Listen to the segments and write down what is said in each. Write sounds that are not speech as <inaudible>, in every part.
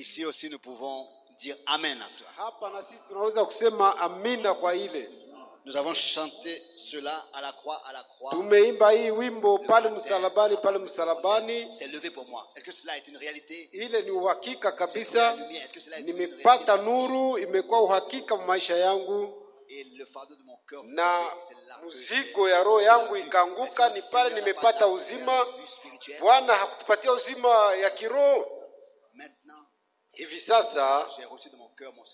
Ici aussi, nous pouvons dire Amen à cela. Nous avons chanté cela à la croix, à la croix. Tumeimba hii wimbo pale msalabani, pale msalabani. est levé pour moi. Est-ce que cela est une réalité? Ile ni uhakika kabisa. Nimepata nuru, imekuwa uhakika maisha yangu. Na mzigo ya roho yangu ikaanguka, ni pale nimepata uzima. Bwana hakutupatia uzima ya kiroho hivi sasa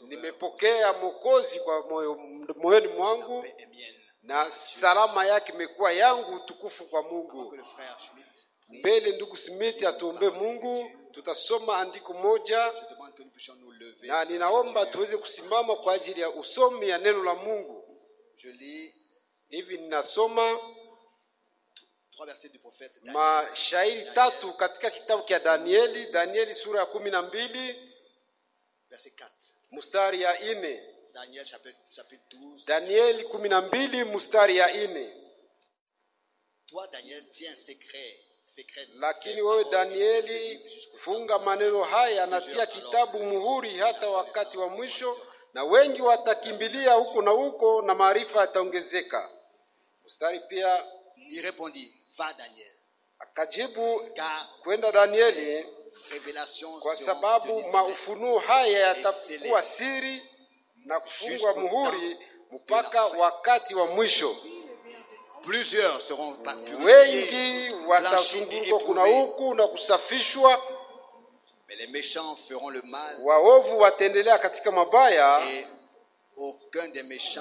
nimepokea Mwokozi kwa moyoni mwangu na salama yake imekuwa yangu utukufu kwa Mungu. Mbele ndugu Smith atuombe Mungu, tutasoma andiko moja na ninaomba tuweze kusimama kwa ajili ya usomi ya neno la Mungu. Hivi ninasoma mashairi tatu katika kitabu cha Danieli, Danieli sura ya kumi na mbili verset 4. mustari ya ine Daniel chapitre, chapitre 12. Danieli kumi mustari ya ine Toi Daniel tiens secret, secret. Lakini wewe Danieli funga maneno haya, natia kitabu muhuri hata wakati wa mwisho, na wengi watakimbilia huko na huko, na maarifa yataongezeka. Mstari pia il répondit va Daniel, akajibu kwenda Danieli kwa sababu maufunuo haya yatakuwa siri na kufungwa muhuri mpaka wakati wa mwisho. Wengi watazunguka kuna huku na kusafishwa, waovu wataendelea katika mabaya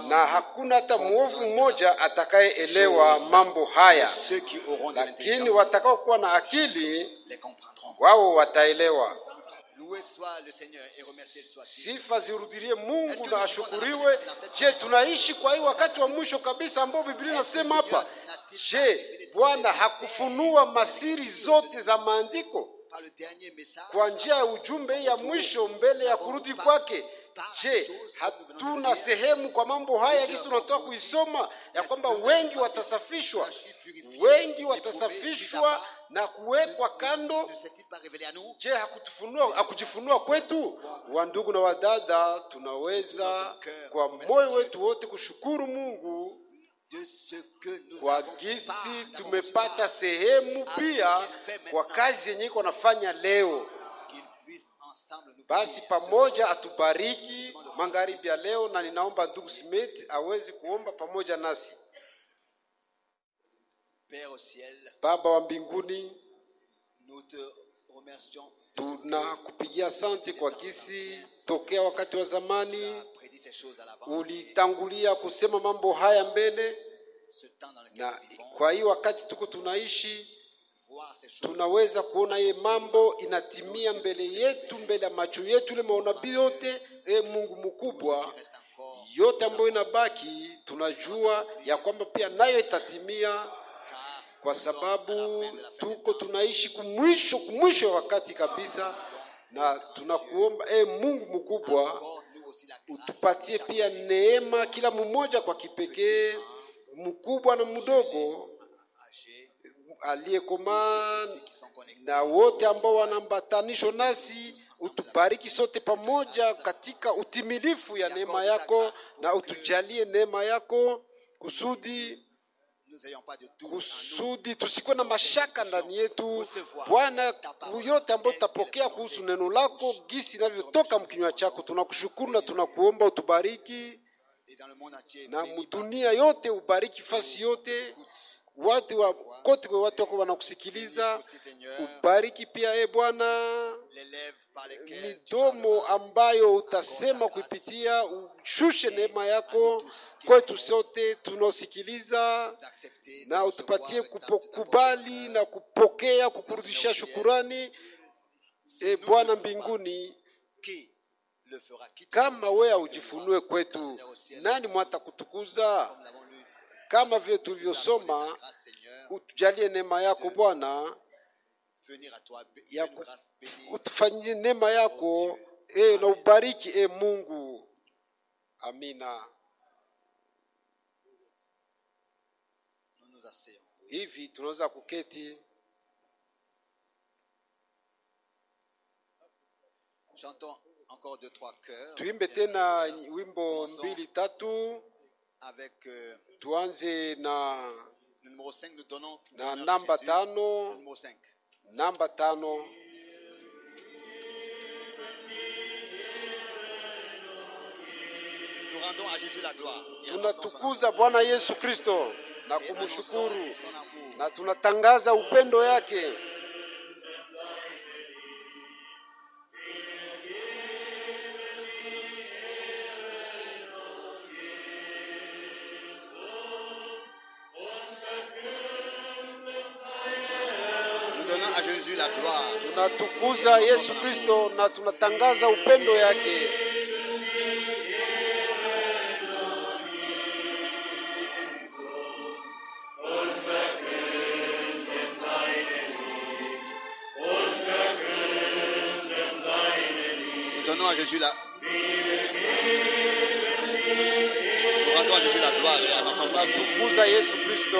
na hakuna hata mwovu mmoja atakayeelewa mambo haya, lakini watakaokuwa na akili wao wataelewa. Sifa zirudilie Mungu na ashukuriwe. Je, tunaishi kwa hii wakati wa mwisho kabisa ambao Biblia inasema hapa? Je, Bwana hakufunua masiri zote za maandiko kwa njia ya ujumbe hii ya mwisho mbele ya kurudi kwake? Je, hatuna sehemu kwa mambo haya jinsi tunatoa kuisoma ya kwamba wengi watasafishwa, wengi watasafishwa na kuwekwa kando? Je, hakutufunua hakujifunua kwetu? Wandugu na wadada, tunaweza kwa moyo wetu wote kushukuru Mungu kwa gisi tumepata sehemu pia kwa kazi yenye iko nafanya leo. Basi pamoja atubariki magharibi ya leo, na ninaomba ndugu Smith awezi kuomba pamoja nasi. Baba wa mbinguni, tunakupigia sante kwa kisi tokea wakati wa zamani ulitangulia kusema mambo haya mbele, na kwa hii wakati tuko tunaishi tunaweza kuona ye mambo inatimia mbele yetu, mbele ya macho yetu, ile maonabi yote. E Mungu mkubwa, yote ambayo inabaki tunajua ya kwamba pia nayo itatimia, kwa sababu tuko tunaishi kumwisho, kumwisho ya wakati kabisa, na tunakuomba e Mungu mkubwa utupatie pia neema, kila mmoja kwa kipekee, mkubwa na mdogo aliyekomaa na wote ambao wanambatanisho nasi, utubariki sote pamoja katika utimilifu ya neema yako, na utujalie neema yako kusudi kusudi tusikuwe na mashaka ndani yetu Bwana, yote ambayo tutapokea kuhusu neno lako gisi inavyotoka mkinywa chako, tunakushukuru na tunakuomba utubariki, na mdunia yote ubariki fasi yote watu wa kote kwa watu wako wanakusikiliza. Ubariki pia e Bwana midomo ambayo utasema kuipitia, ushushe neema yako kwetu sote tunaosikiliza, na utupatie kukubali na kupokea kukurudisha shukurani e Bwana mbinguni. Kama wewe ujifunue kwetu, nani mwata kutukuza? kama vile tulivyosoma, utujalie neema yako Bwana, ya utufanyie neema yako e, na ubariki e Mungu. Amina. Hivi tunaweza kuketi. Tuimbe tena wimbo mbili tatu avec euh, tuanze na 5 nous donnons na namba tano 5 namba tano nous rendons à Jésus la gloire tunatukuza Bwana Yesu Kristo na kumshukuru na tunatangaza upendo yake tunamtukuza Yesu Kristo na tunatangaza upendo yake. Donnons à Jésus la Yesu Kristo.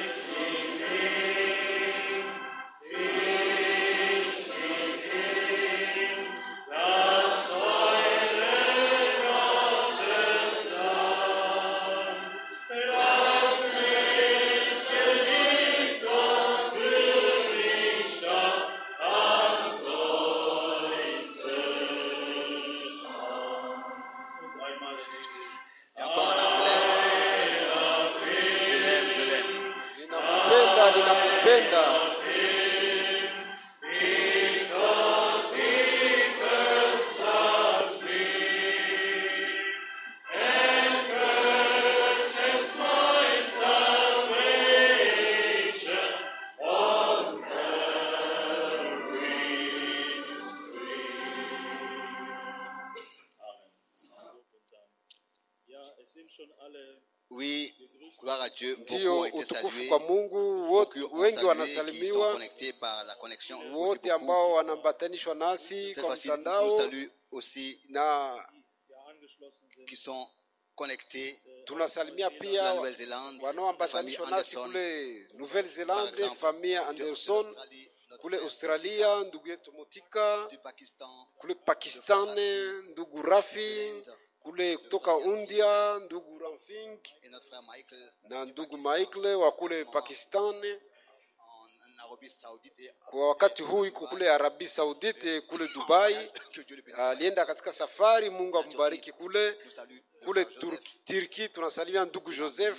Nous nasi kwa mtandao qui sont connectés tunasalimia pia wanaoambatanishwa nasi kule Nouvelle Zelande, famille Anderson kule Australia, ndugu yetu Motika Pakistan, ndugu Rafi kule kutoka ndugu Pakistan kwa wakati huu yuko kule Arabi Saudite kule Dubai. Alienda katika safari, Mungu ambariki kule kule Turki. Tunasalimia ndugu Joseph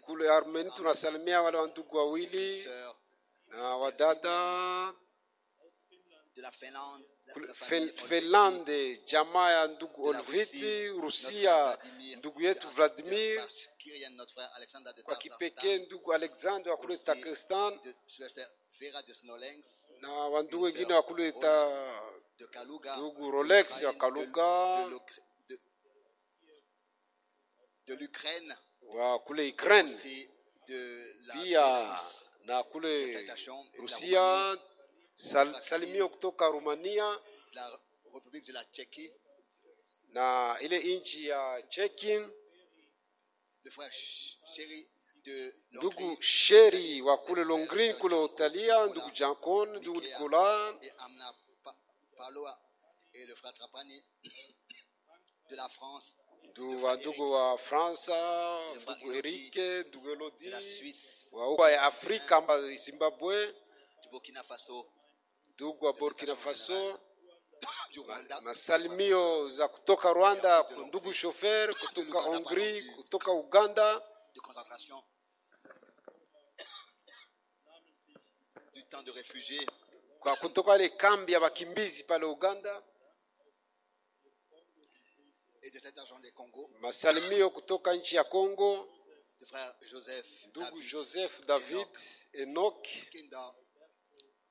kule Armeni, tunasalimia wale wa ndugu wawili na wadada de la Finlande Finlande, jamaa ya ndugu Olviti, Rusia, ndugu yetu Vladimir, kwa kipekee ndugu Alexander wa kule Takistan na wandugu wengine wa kule ta ndugu Rolex ya Kaluga de l'Ukraine, wa kule Ukraine pia na kule Rusia Sal, salimio kutoka Romania la Republique de la Tchéquie, na ile inchi ya Tchéquie le frère Sheri de ndugu Sheri wa kule Longrin kule Italia, ndugu Jankon, ndugu Nicolas et Amna pa, Paloa et le frère Trapani <coughs> de la France ndugu wa wa Fransa, ndugu Erike, ndugu Elodie wa ya Afrika, Zimbabwe, Burkina Faso Ndugu Faso, <coughs> Rwanda Uganda de concentration du temps de réfugiés et de Congo. Congo, Joseph Joseph David Enoch,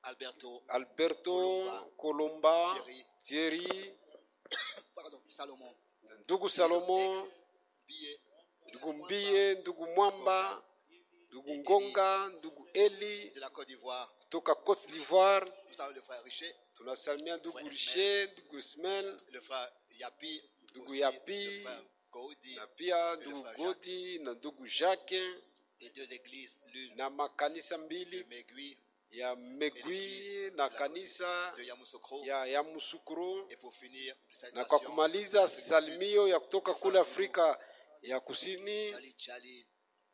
Alberto, Alberto Colomba, Thierry, Thierry <coughs> pardon, Salomon, Ndugu Salomon, Ndugu Mbie, Ndugu Mwamba, Ndugu Ngonga, Ndugu Eli kutoka d'Ivoire d'Ivoire. Tunasalimia Ndugu Riche, Ndugu Yapi Ndugu Yapi na Ndugu Godi na Ndugu Jacques na Sambili mbili ya Megui na kanisa ya Musukuru, na kwa kumaliza salimio ya kutoka kule Afrika ya Kusini,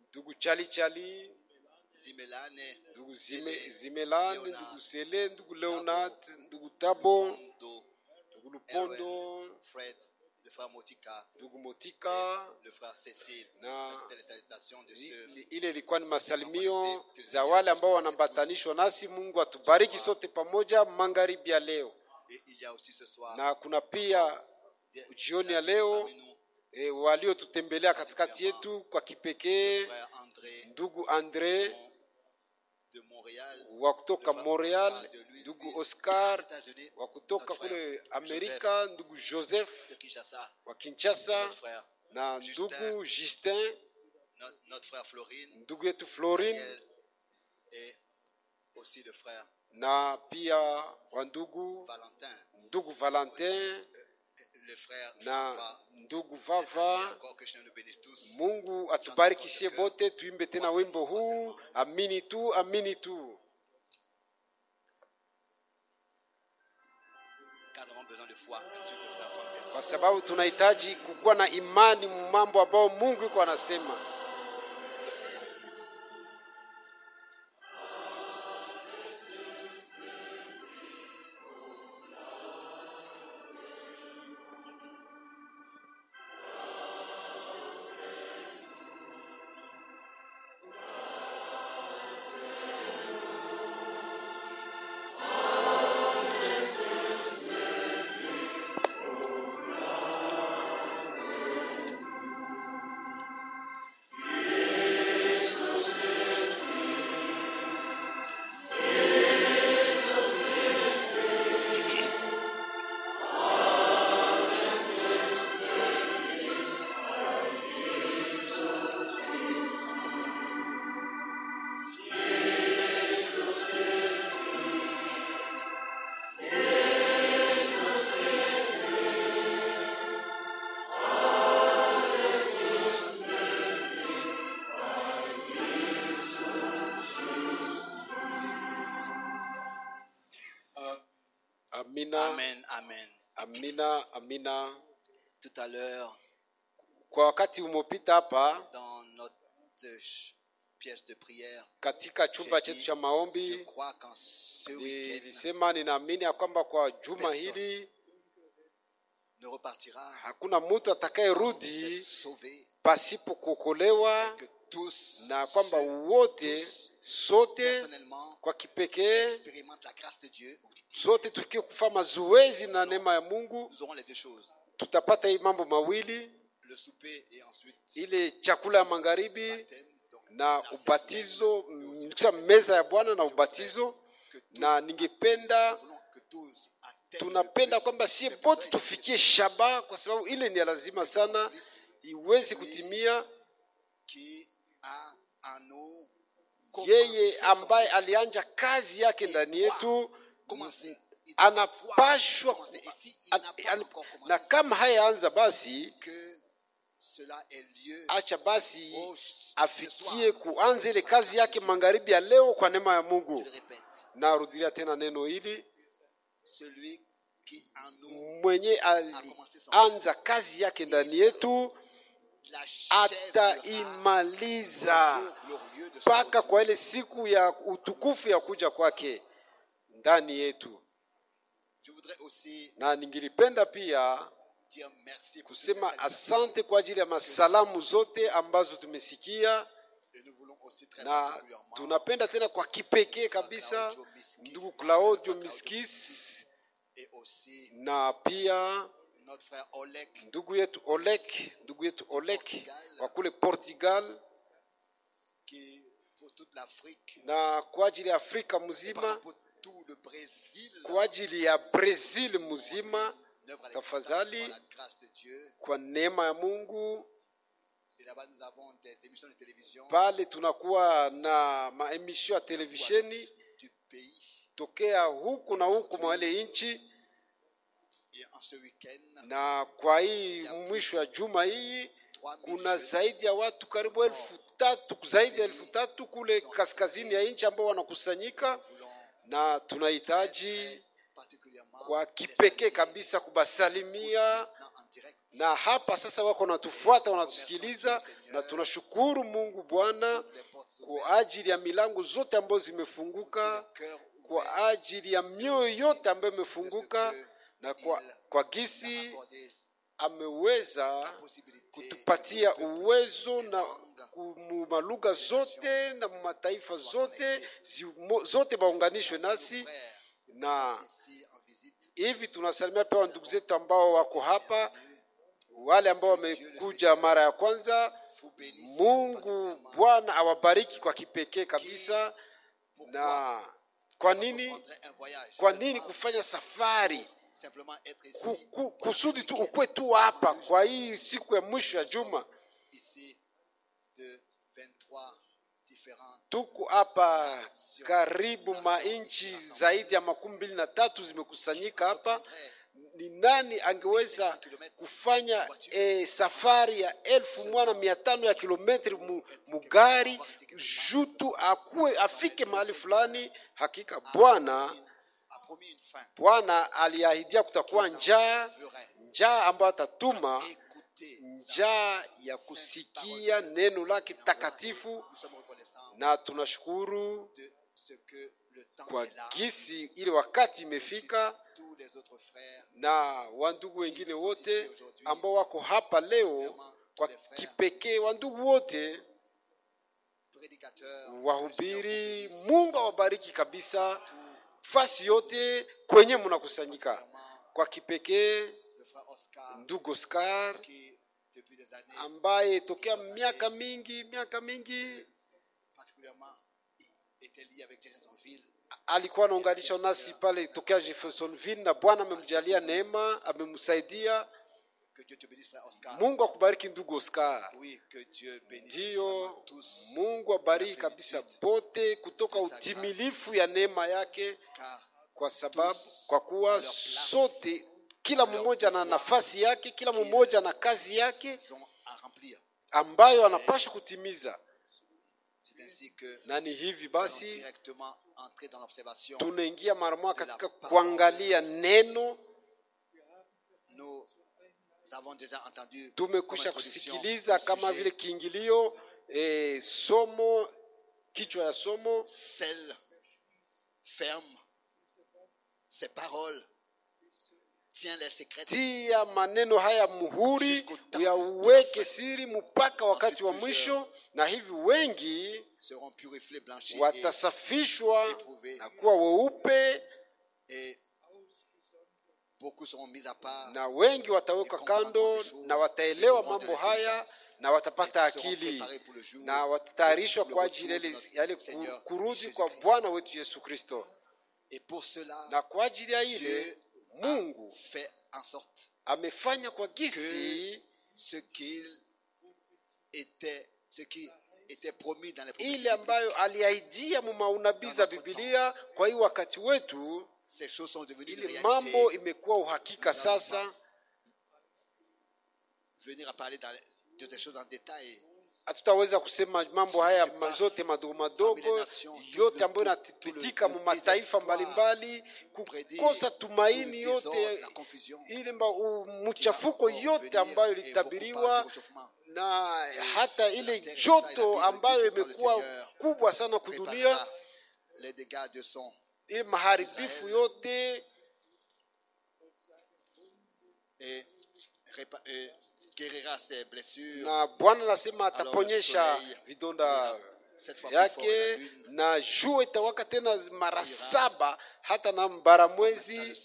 ndugu Chali Chali, ndugu Zimelane, ndugu Sele, ndugu Leonard, ndugu Tabo, ndugu Lupondo, Fred le frère Motika, ndugu Motika le frère Cécile, Na ile il ilikuwa ni masalimio za wale ambao wanambatanishwa nasi. Mungu atubariki sote pamoja magharibi ya leo, na kuna pia jioni ya leo e, eh, waliotutembelea katikati yetu kwa kipekee ndugu Andre de Montréal, wa kutoka Montreal ndugu Oscar, wa kutoka kule Amerika ndugu Joseph wa Kinshasa na ndugu Justin, ndugu yetu Florine na pia wa ndugu ndugu Valentin na ndugu Vava. Mungu atubariki sie bote, tuimbe tena wimbo huu, amini tu, amini tu. Kwa sababu tunahitaji kukuwa na imani mambo ambayo Mungu yuko anasema. Amina. Amen, amen. Amina, amina. Tout à l'heure, kwa wakati umopita hapa dans notre pièce de prière, katika chumba chetu cha maombi, je crois qu'en ce weekend, nilisema ninaamini ya kwamba kwa juma hili ne repartira, hakuna mtu atakayerudi pasipo kuokolewa, na kwamba wote sote kwa kipekee sote tufikie kufaa mazoezi na neema ya mungu tutapata hii mambo mawili le souper et ensuite ile chakula ya magharibi na ubatizo kisha mm, meza ya bwana na ubatizo na ningependa tunapenda kwamba sie bote tufikie shaba kwa sababu ile ni ya lazima sana iwezi kutimia yeye ambaye alianja kazi yake ndani yetu anapashwa na kama hayaanza basi acha basi afikie kuanza ile kazi yake magharibi ya leo kwa neema ya Mungu. Narudia tena neno hili, mwenye alianza kazi yake ndani yetu ataimaliza mpaka kwa ile siku ya utukufu ya kuja kwake ndani yetu Je voudrais aussi na ningilipenda pia dire merci kusema asante kwa ajili ya masalamu zote ambazo tumesikia na tunapenda tena kwa kipekee kabisa ndugu Claudio Miskis na pia ndugu yetu Olek, ndugu yetu Olek wa kule Portugal qui pour toute na kwa ajili ya Afrika mzima kwa ajili ya Brazil mzima tafadhali, kwa neema ya Mungu. Pale tunakuwa na maemisho ya televisheni tokea huku na huku mwale nchi, na kwa hii mwisho ya juma hii kuna zaidi ya watu karibu elfu tatu zaidi ya elfu tatu kule kaskazini ya nchi ambao wanakusanyika na tunahitaji kwa kipekee kabisa kubasalimia na hapa sasa wako wanatufuata, wanatusikiliza, na tunashukuru Mungu Bwana kwa ajili ya milango zote ambazo zimefunguka, kwa ajili ya mioyo yote ambayo imefunguka na kwa, kwa gisi ameweza kutupatia uwezo na mumalugha zote na mataifa zote zote baunganishwe nasi, na hivi tunasalimia pia ndugu zetu ambao wako hapa, wale ambao wamekuja mara ya kwanza. Mungu Bwana awabariki kwa kipekee kabisa. Na kwa nini, kwa nini kufanya safari kusudi tu ukwe tu hapa kwa hii siku ya mwisho ya juma tuko hapa karibu mainchi zaidi ya makumi mbili na tatu zimekusanyika hapa. Ni nani angeweza kufanya e, safari ya elfu mwana mia tano ya kilometri mugari jutu akue afike mahali fulani? Hakika Bwana Bwana aliahidia kutakuwa njaa, njaa ambayo atatuma, njaa ya kusikia neno lake takatifu, na tunashukuru kwa gisi ile wakati imefika na wandugu wengine wote ambao wako hapa leo, kwa kipekee wandugu wote wahubiri. Mungu awabariki kabisa fasi yote kwenye mnakusanyika kwa kipekee ndugu Oscar ambaye tokea miaka mingi miaka mingi alikuwa anaunganisha nasi pale tokea Jeffersonville, na Bwana amemjalia neema, amemsaidia Mungu akubariki ndugu Oscar. Ndiyo, Mungu abariki kabisa pote kutoka utimilifu ya neema yake, kwa sababu kwa kuwa sote, kila mmoja na nafasi yake, kila mmoja na kazi yake ambayo anapasha kutimiza na ni hivi basi tunaingia mara moja katika kuangalia neno tumekwisha kusikiliza kama vile kiingilio e, somo kichwa ya somo Sel, ferme, ces paroles, tient les secrets. Tia maneno haya muhuri, uyaweke siri mpaka wakati wa mwisho, na hivi wengi watasafishwa na kuwa weupe na wengi watawekwa kando na wataelewa mambo haya na watapata akili na watatayarishwa kwa ajili yale kurudi kwa Bwana wetu Yesu Kristo. Na kwa ajili ya ile Mungu amefanya kwa gisi ile ambayo aliahidia mumaunabii za bibilia kwa hii wakati wetu ili mambo imekuwa uhakika sasa. Hatutaweza kusema mambo haya mazote madogo madogo yote ambayo inapitika mu mataifa mbalimbali, kukosa tumaini yote ile mchafuko yote ambayo ilitabiriwa na hata ile joto ambayo imekuwa kubwa sana kudunia ili maharibifu yote na Bwana anasema ataponyesha vidonda yake na jua itawaka tena mara saba hata na mbara mwezi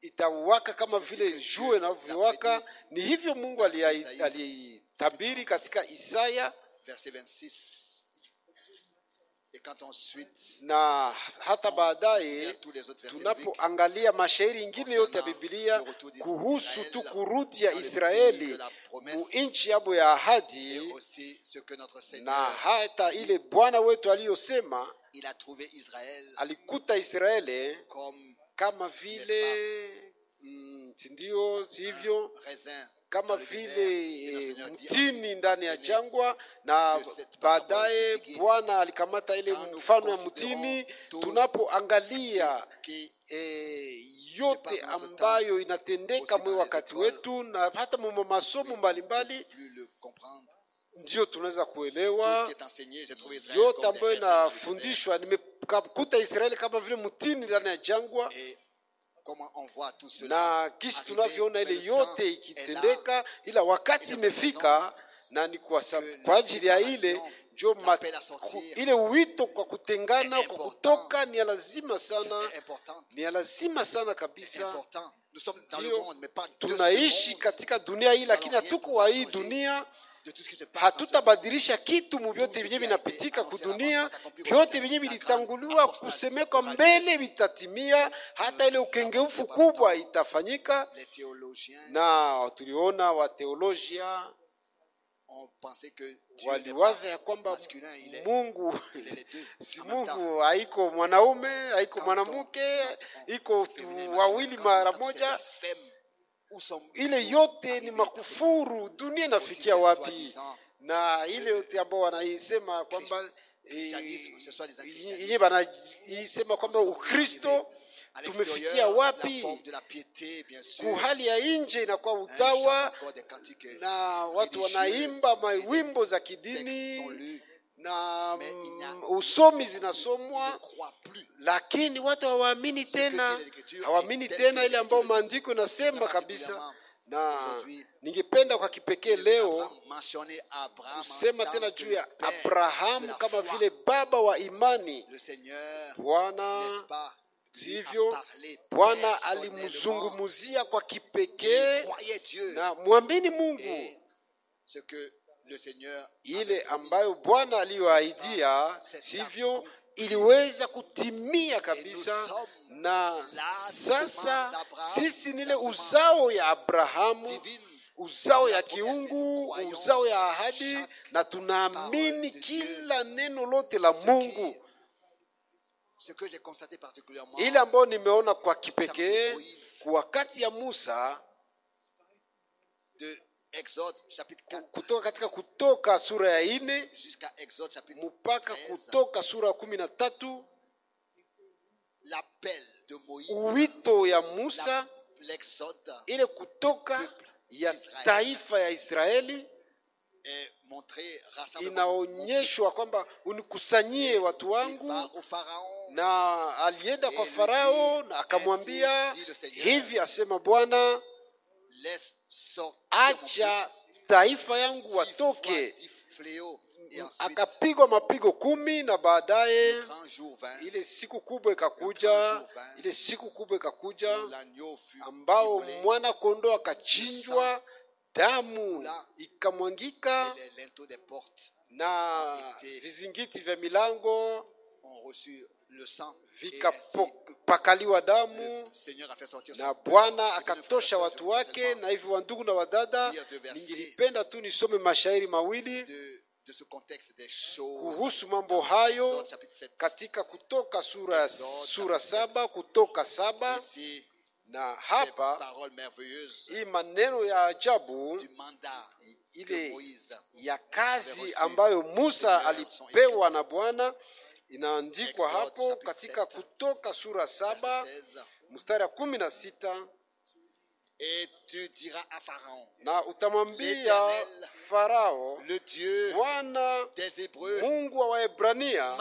itawaka kama vile jua inavyowaka. Ni hivyo Mungu alitabiri katika Isaya ensuite, na hata baadaye tunapoangalia mashairi ingine yote ya Biblia kuhusu tu kurudi ya Israeli mu nchi yabo ya ahadi, na hata ile Bwana wetu aliyosema alikuta Israeli kama vile mm, sindio, sivyo kama eh, vile eh, mtini ndani ya jangwa, na baadaye Bwana alikamata ile mfano ya mtini. Tunapoangalia e, yote ambayo inatendeka mwe wakati wetu na hata mwa masomo mbalimbali ndiyo tunaweza kuelewa yote ambayo inafundishwa. Nimekuta Israeli kama vile mtini ndani ya jangwa na kisi tunavyoona ile yote ikitendeka, ila wakati imefika na ni kwa, kwa ajili ya ile njo ile wito kwa kutengana kwa kutoka ni lazima sana, ni lazima sana kabisa. Tunaishi katika dunia hii, lakini hatuko wa hii dunia Ha tutabadilisha kitu mu vyote vyenye vinapitika kudunia, vyote vyenye vilitanguliwa kusemekwa mbele vitatimia, hata ile ukengeufu kubwa itafanyika. Na tuliona wateolojia waliwaza ya kwamba Mungu <laughs> si Mungu, haiko mwanaume haiko mwanamke, iko wawili mara moja ile yote ni makufuru. Dunia inafikia wapi? Na ile yote ambao wanaisema kwamba eh, yenyewe wanaisema kwamba Ukristo tumefikia wapi? Kuhali ya nje inakuwa utawa na watu wanaimba mawimbo za kidini na mm, usomi zinasomwa, lakini watu hawaamini tena, hawaamini tena ile ambayo maandiko nasema kabisa na ningependa kwa kipekee leo kusema tena juu ya Abrahamu kama vile baba wa imani. Bwana sivyo, Bwana alimzungumzia kwa kipekee, na mwamini Mungu ile ambayo Bwana aliyoahidia, sivyo iliweza kutimia kabisa na sasa sisi nile uzao ya abrahamu uzao ya kiungu uzao ya ahadi na tunaamini kila neno lote la mungu ile ambayo nimeona kwa kipekee kwa wakati ya musa de Exode, chapitre 4. kutoka katika kutoka sura ya ine mpaka kutoka sura ya kumi na tatu wito ya Musa ile kutoka ya taifa ya Israeli inaonyeshwa kwamba unikusanyie watu wangu na alienda kwa Farao na akamwambia hivi asema Bwana acha taifa yangu watoke. Akapigwa mapigo kumi na baadaye ile siku kubwa ikakuja, ile siku kubwa ikakuja ambao mwana kondoo akachinjwa, damu ikamwangika na vizingiti vya milango le sang vikapakaliwa damu na Bwana akatosha watu wake. Na hivyo wandugu na wadada, ningilipenda tu nisome mashairi mawili kuhusu mambo hayo katika Kutoka sura sura saba Kutoka saba na hapa hii maneno ya ajabu ile ya kazi ambayo Musa alipewa na Bwana Inaandikwa hapo katika Kutoka sura saba mstari wa kumi na sita na utamwambia Farao, Bwana Mungu wa Waebrania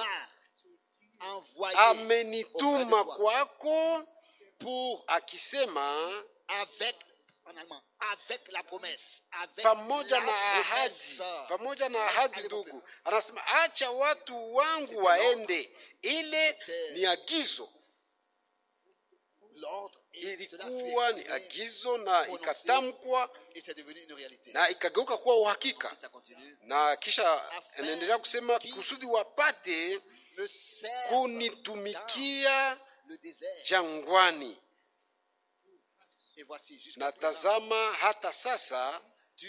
amenituma kwako, akisema avec Avec la promesse, avec pamoja, la na ahadi, pamoja na ahadi ndugu, anasema acha watu wangu waende. Ile ni agizo, ilikuwa ni agizo na ikatamkwa na ikageuka kuwa uhakika, na kisha anaendelea kusema kusudi wapate kunitumikia jangwani na tazama hata sasa tu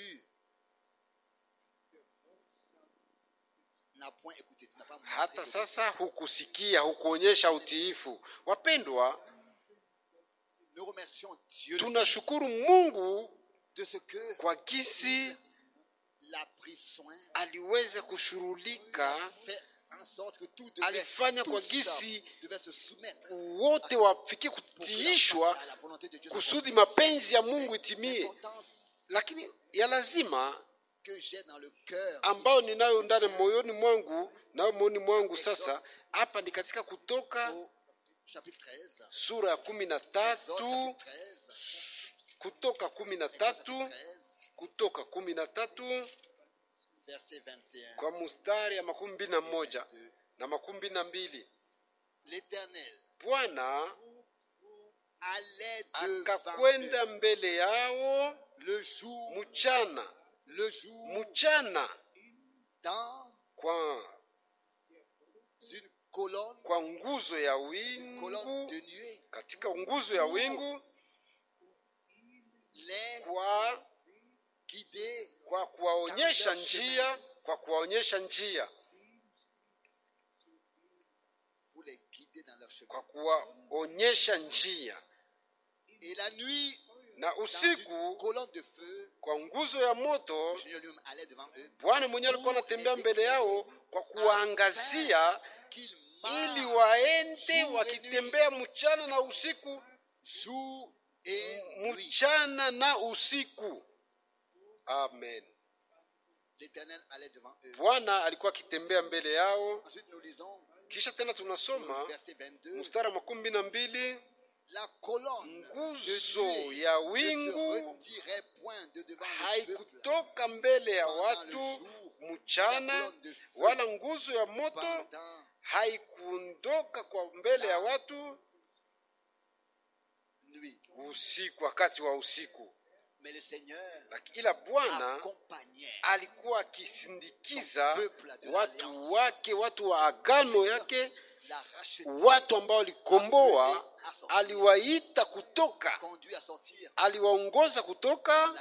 hata sasa hukusikia, hukuonyesha utiifu. Wapendwa, tunashukuru Mungu kwa kisi aliweze kushughulika alifanya kwa gisi wote wafikie kutiishwa kusudi mapenzi ya Mungu itimie, lakini ya lazima ambayo ninayo ndani moyoni mwangu nayo moyoni mwangu. Sasa hapa ni katika Kutoka sura ya kumi na tatu Kutoka kumi na tatu Kutoka kumi na tatu kwa mustari ya makumi mbili na moja na makumi mbili na mbili Bwana akakwenda mbele yao le jour, mchana le jour, mchana dans kwa colonne, kwa nguzo ya wingu de nuée, katika nguzo ya wingu kwa guide kwa kuwaonyesha njia, kwa kuwaonyesha njia, kwa kuwaonyesha njia. Et la nuit, na usiku de feu, kwa nguzo ya moto Bwana mwenyewe alikuwa anatembea mbele yao kwa kuwaangazia, ili waende wakitembea mchana na usiku, mchana na usiku amen l'éternel allait devant eux bwana alikuwa akitembea mbele yao ensuite nous lisons kisha tena tunasoma mstara wa kumi na mbili nguzo ya wingu haikutoka mbele ya watu mchana wala nguzo ya moto haikuondoka kwa mbele ya watu usiku wakati wa usiku ila Bwana alikuwa akisindikiza watu wake, watu wa agano yake, watu ambao walikomboa aliwaita kutoka, aliwaongoza kutoka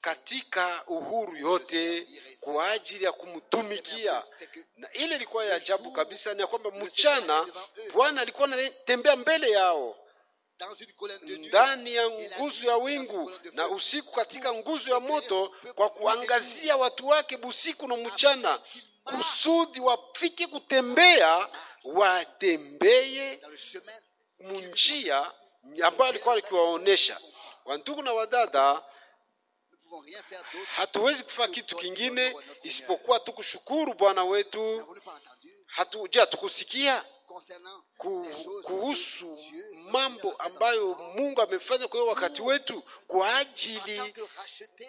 katika uhuru yote kwa ajili ya kumtumikia. Na ile ilikuwa ya ajabu kabisa, ni ya kwamba mchana Bwana alikuwa anatembea mbele yao ndani ya nguzo ya wingu na usiku katika nguzo ya moto, kwa kuangazia watu wake busiku na mchana, kusudi wafike kutembea, watembee munjia ambayo alikuwa akiwaonesha. Wandugu na wadada, hatuwezi kufanya kitu kingine isipokuwa tu kushukuru Bwana wetu. Hatuja tukusikia kuhusu mambo ambayo Mungu amefanya kwa hiyo wakati wetu, kwa ajili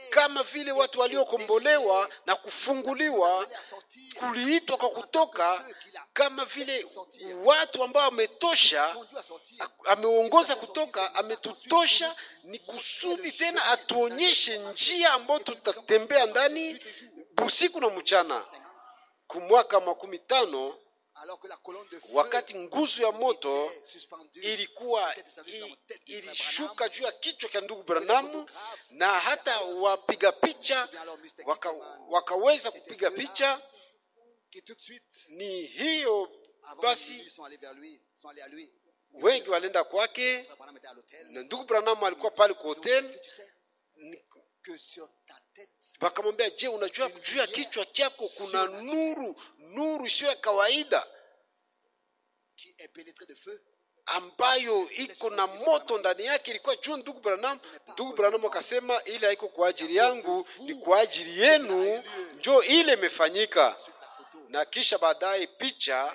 kama vile watu waliokombolewa na kufunguliwa, kuliitwa kwa kutoka, kama vile watu ambao ametosha, ameongoza kutoka, ametutosha ni kusudi tena atuonyeshe njia ambayo tutatembea ndani busiku na mchana, kumwaka makumi tano wakati nguzo ya moto ilikuwa ilishuka juu ya kichwa cha ndugu Branamu, na hata wapiga picha waka, wakaweza kupiga picha. Ni hiyo basi wengi walienda kwake, na ndugu Branamu alikuwa pale kwa hotel wakamwambia je unajua juu ya kichwa chako kuna nuru nuru isiyo ya kawaida ambayo iko na moto ndani yake ilikuwa juu ndugu branam ndugu branam akasema ile haiko kwa ajili yangu ni kwa ajili yenu njo ile imefanyika na kisha baadaye picha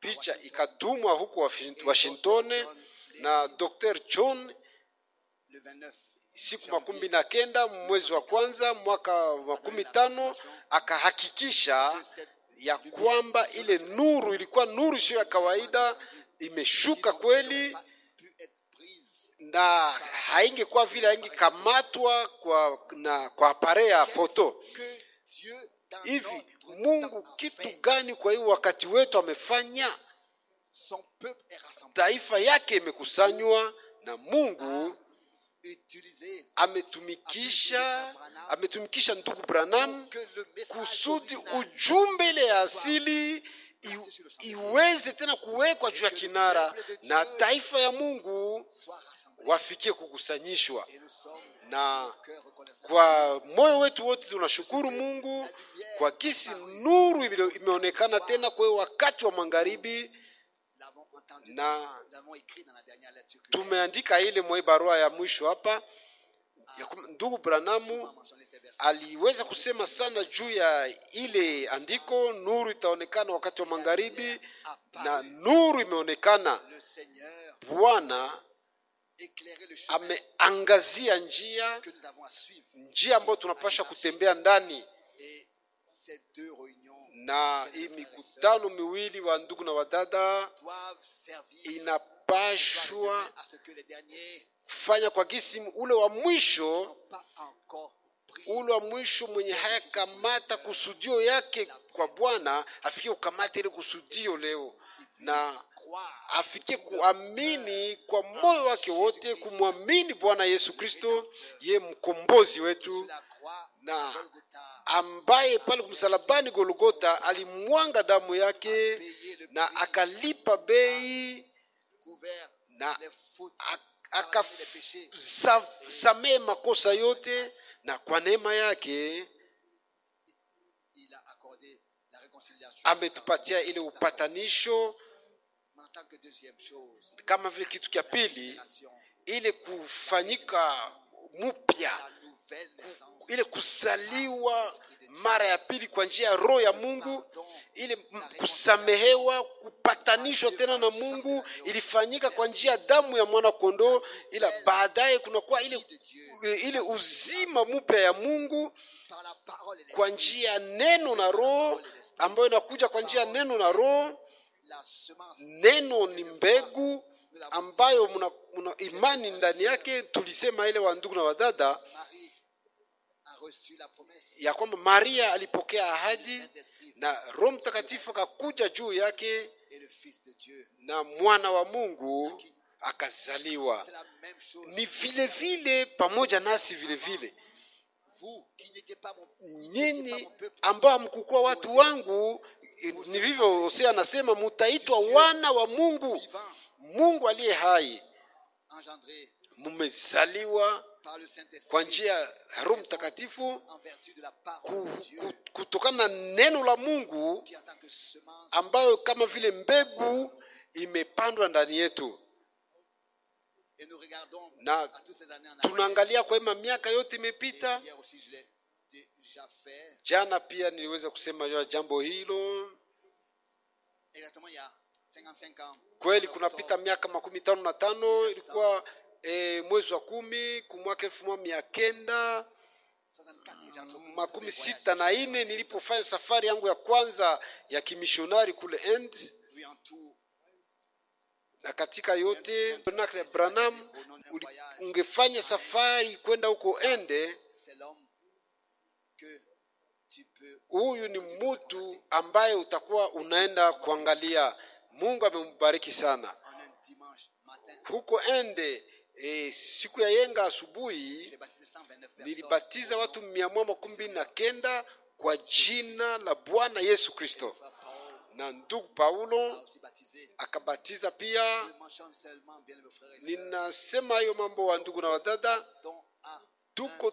picha ikatumwa huko washington na dr john siku makumi na kenda mwezi wa kwanza mwaka makumi tano akahakikisha ya kwamba ile nuru ilikuwa nuru sio ya kawaida, imeshuka kweli na haingekuwa vile, haingekamatwa kwa, na, kwa pare ya foto hivi. Mungu kitu gani kwa hiyo wakati wetu amefanya? Taifa yake imekusanywa na Mungu ametumikisha ametumikisha ndugu Branham kusudi ujumbe ile ya asili iweze tena kuwekwa juu ya kinara na taifa ya Mungu wafikie kukusanyishwa, na kwa moyo wetu wote tunashukuru Mungu kwa kisi nuru imeonekana tena kwa wakati wa magharibi na tumeandika ile mwe barua ya mwisho hapa ndugu Branamu aliweza kusema sana juu ya ile andiko, nuru itaonekana wakati wa magharibi, na nuru imeonekana. Bwana ameangazia njia njia ambayo tunapasha kutembea ndani na hii mikutano miwili wa ndugu na wadada inapashwa kufanya kwa gisi ule wa mwisho ule wa mwisho mwenye hayakamata kusudio yake kwa Bwana afike ukamate ile kusudio leo na afike kuamini kwa moyo wake wote, kumwamini Bwana Yesu Kristo, ye mkombozi wetu na ambaye pale kumsalabani Golgota alimwanga damu yake na akalipa bei na akasamee makosa yote, na kwa neema yake ametupatia ile upatanisho kama vile kitu kya pili, ile kufanyika mupya ile kusaliwa mara ya pili kwa njia ya roho ya Mungu, ile kusamehewa, kupatanishwa tena na Mungu ilifanyika kwa njia ya damu ya mwana kondoo, ila baadaye kunakuwa ile, ile uzima mpya ya Mungu kwa njia ya neno na roho, ambayo inakuja kwa njia ya neno na roho. Neno ni mbegu ambayo muna, mna imani ndani yake. Tulisema ile, ndugu na wadada ya kwamba Maria alipokea ahadi na Roho Mtakatifu akakuja juu yake na mwana wa Mungu akazaliwa. Ni vile vile pamoja nasi vile vile nyinyi ambao hamkukuwa watu wangu, ni vivyo Hosea anasema mutaitwa wana wa Mungu, Mungu aliye hai, mumezaliwa kwa njia ya Roho Mtakatifu kutokana na neno la Mungu ambayo kama vile mbegu imepandwa ndani yetu, na tunaangalia kwema miaka yote imepita. Jana pia niliweza kusema ya jambo hilo kweli, kunapita miaka makumi tano na tano ilikuwa e, mwezi wa kumi kumwaka elfu moja mia kenda mm, makumi sita na nne nilipofanya safari yangu ya kwanza ya kimishonari kule End na katika yote Branham ungefanya safari kwenda huko Ende, huyu ni mtu ambaye utakuwa unaenda kuangalia. Mungu amembariki sana huko Ende. E, siku ya yenga asubuhi nilibatiza watu mia moja na kenda kwa jina la Bwana Yesu Kristo na ndugu Paulo ah, akabatiza pia. Ninasema hayo mambo wa ndugu na wadada, tuko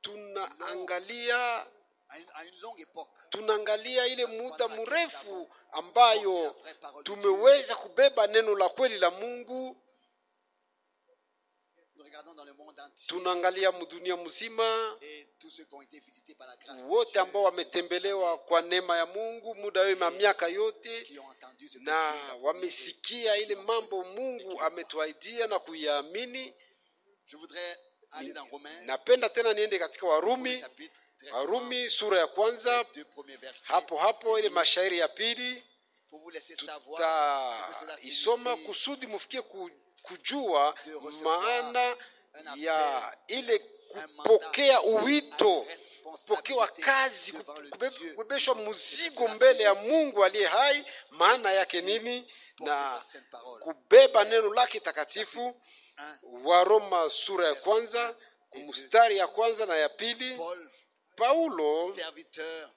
tunaangalia tunaangalia ile muda mrefu ambayo tumeweza kubeba neno la kweli la Mungu tunaangalia dunia mzima wote ambao wametembelewa kwa neema ya mungu muda yote na miaka yote na wamesikia ile mambo mungu ametuaidia na kuiamini napenda tena niende katika warumi warumi sura ya kwanza hapo hapo ile mashairi ya pili tutaisoma kusudi mufikie ku kujua maana ya ile kupokea uwito, kupokewa kazi, kubebeshwa mzigo mbele ya Mungu aliye hai, maana yake nini? Na kubeba neno lake takatifu. Waroma sura ya kwanza mstari ya kwanza na ya pili. Paulo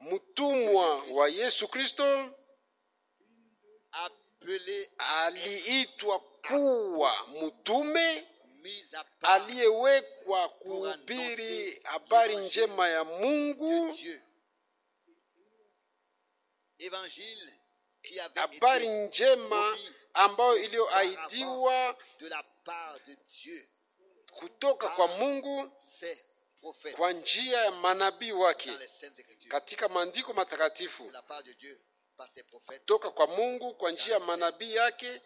mtumwa wa Yesu Kristo aliitwa kuwa mtume aliyewekwa kuhubiri habari njema ya Mungu, habari njema ambayo iliyoahidiwa kutoka kwa Mungu kwa njia ya manabii wake katika maandiko matakatifu, kutoka kwa Mungu kwa njia ya manabii yake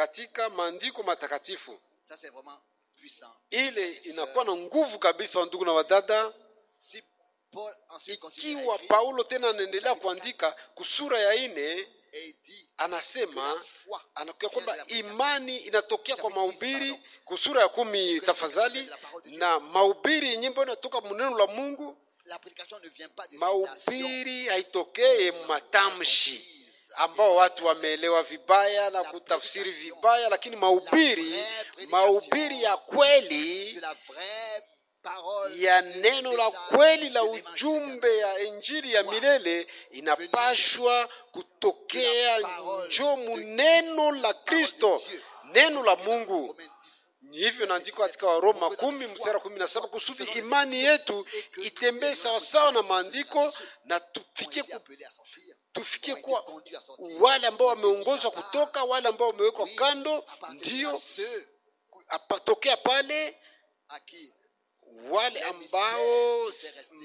katika maandiko matakatifu ile inakuwa na nguvu kabisa wa ndugu na wadada si Paul ikiwa paulo tena anaendelea kuandika kusura ya ine anasema anakuya kwamba imani inatokea kwa maubiri kusura ya kumi tafadhali na maubiri nyimbo inatoka mneno la mungu maubiri haitokee matamshi ambao watu wameelewa vibaya na kutafsiri vibaya, lakini maubiri maubiri ya kweli ya neno la kweli la ujumbe ya injili ya milele inapashwa kutokea njomu neno la Kristo, neno la Mungu. Ni hivyo naandikwa katika Waroma kumi msara kumi na saba kusudi imani yetu itembee sawasawa na maandiko na tufike tufikie kuwa wale ambao wameongozwa kutoka, wale ambao wamewekwa kando, ndio apatokea pale wale ambao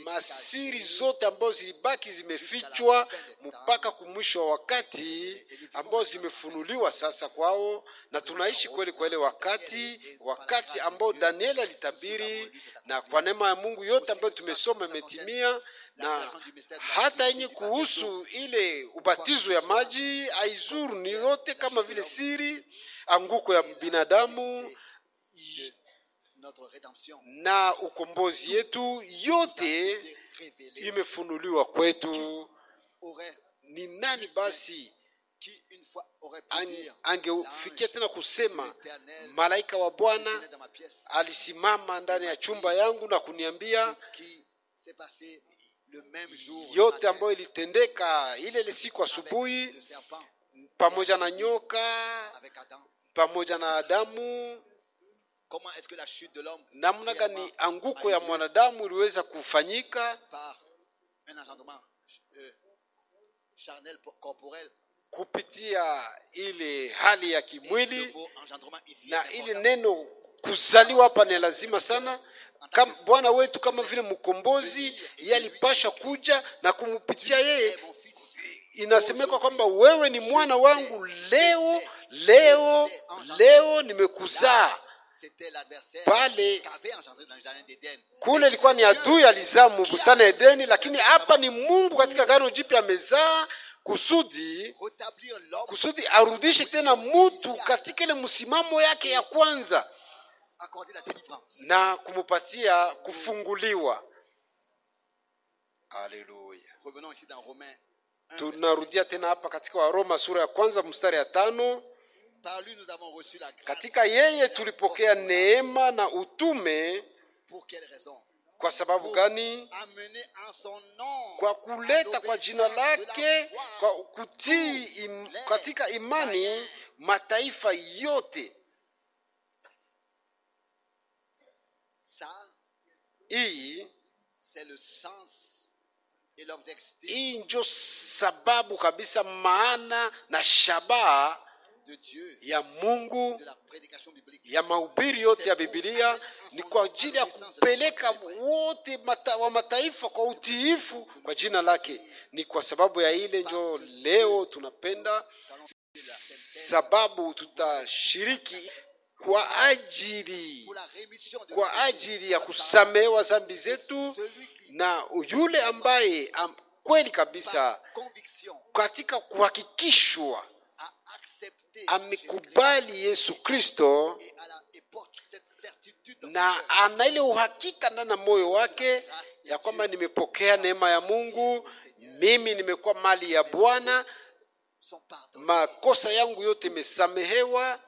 masiri zote ambao zilibaki zimefichwa mpaka kumwisho wa wakati eh, eh, ambao zimefunuliwa sasa kwao, na tunaishi kweli kweli wakati wakati ambao Danieli alitabiri, na kwa neema ya Mungu yote ambayo tumesoma imetimia na hata yenye kuhusu ile ubatizo ya maji aizuru ni yote kama vile siri anguko ya binadamu na ukombozi yetu yote imefunuliwa kwetu. Ni nani basi angefikia tena kusema malaika wa Bwana alisimama ndani ya chumba yangu na kuniambia yote ambayo ilitendeka ile ile siku asubuhi pamoja na nyoka pamoja na Adamu. Namna gani anguko ya mwanadamu iliweza kufanyika euh, kupitia ile hali ya kimwili, na ile neno kuzaliwa hapa ni lazima sana kama Bwana wetu kama vile mkombozi, yalipasha alipasha kuja na kumupitia yeye inasemeka kwamba wewe ni mwana wangu, leo leo leo nimekuzaa. Pale kule ilikuwa ni adui alizaa mubustani ya Edeni, lakini hapa ni Mungu katika gano jipya amezaa kusudi kusudi arudishe tena mutu katika ile msimamo yake ya kwanza na kumupatia kufunguliwa Aleluya. tunarudia tena hapa katika waroma sura ya kwanza mstari ya tano katika yeye tulipokea neema na utume kwa sababu gani kwa kuleta kwa jina lake kwa kutii im, katika imani mataifa yote Hii Hii njo sababu kabisa, maana na shabaha ya Mungu ya mahubiri yote ya Biblia ni kwa ajili ya kupeleka wote mata, wa mataifa kwa utiifu kwa jina lake. Ni kwa sababu ya ile njo leo tunapenda sababu tutashiriki kwa ajili kwa ajili ya kusamehewa zambi zetu, na yule ambaye am, kweli kabisa katika kuhakikishwa amekubali Yesu Kristo na ana ile uhakika ndani ya moyo wake ya kwamba nimepokea neema ya Mungu, mimi nimekuwa mali ya Bwana, makosa yangu yote imesamehewa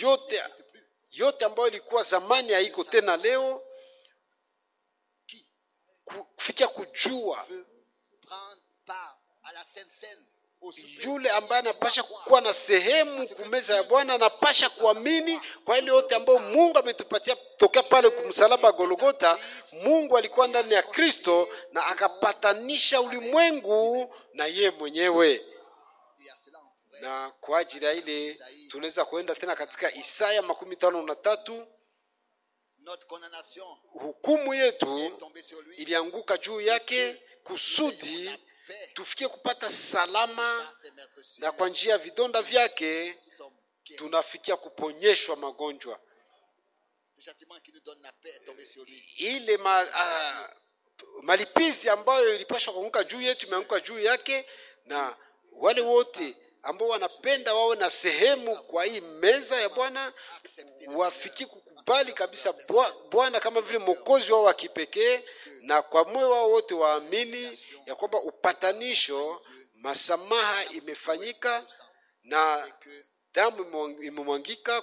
yote, yote ambayo ilikuwa zamani haiko tena leo, kufikia kujua yule ambaye anapasha kukuwa na sehemu kumeza ya Bwana anapasha kuamini kwa ile yote ambayo Mungu ametupatia tokea pale kumsalaba wa Golgota. Mungu alikuwa ndani ya Kristo na akapatanisha ulimwengu na ye mwenyewe na kwa ajili ya ile tunaweza kuenda tena katika Isaya makumi tano na tatu hukumu yetu ilianguka juu yake kusudi tufikie kupata salama, na kwa njia ya vidonda vyake tunafikia kuponyeshwa magonjwa. Eh, ile ma, a, ah, malipizi ambayo ilipashwa kuanguka juu yetu imeanguka juu yake, na wale wote ambao wanapenda wawe na sehemu kwa hii meza ya Bwana, wafikie kukubali kabisa Bwana kama vile mwokozi wao wa kipekee, na kwa moyo wao wote waamini ya kwamba upatanisho, masamaha imefanyika na damu imemwangika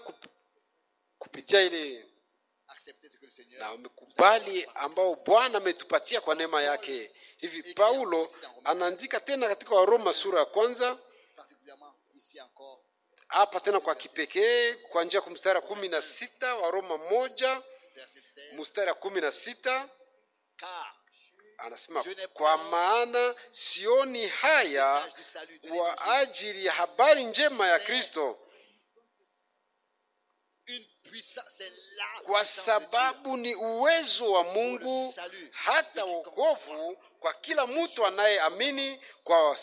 kupitia ile na wamekubali ambao Bwana ametupatia kwa neema yake. Hivi Paulo anaandika tena katika Waroma sura ya kwanza hapa tena kwa kipekee kuanzia kwa mstari wa kumi na sita wa Roma moja mstari wa kumi na sita anasema kwa maana sioni haya kwa ajili ya habari njema ya Kristo, kwa sababu ni uwezo wa Mungu hata wokovu kwa kila mtu anayeamini kwa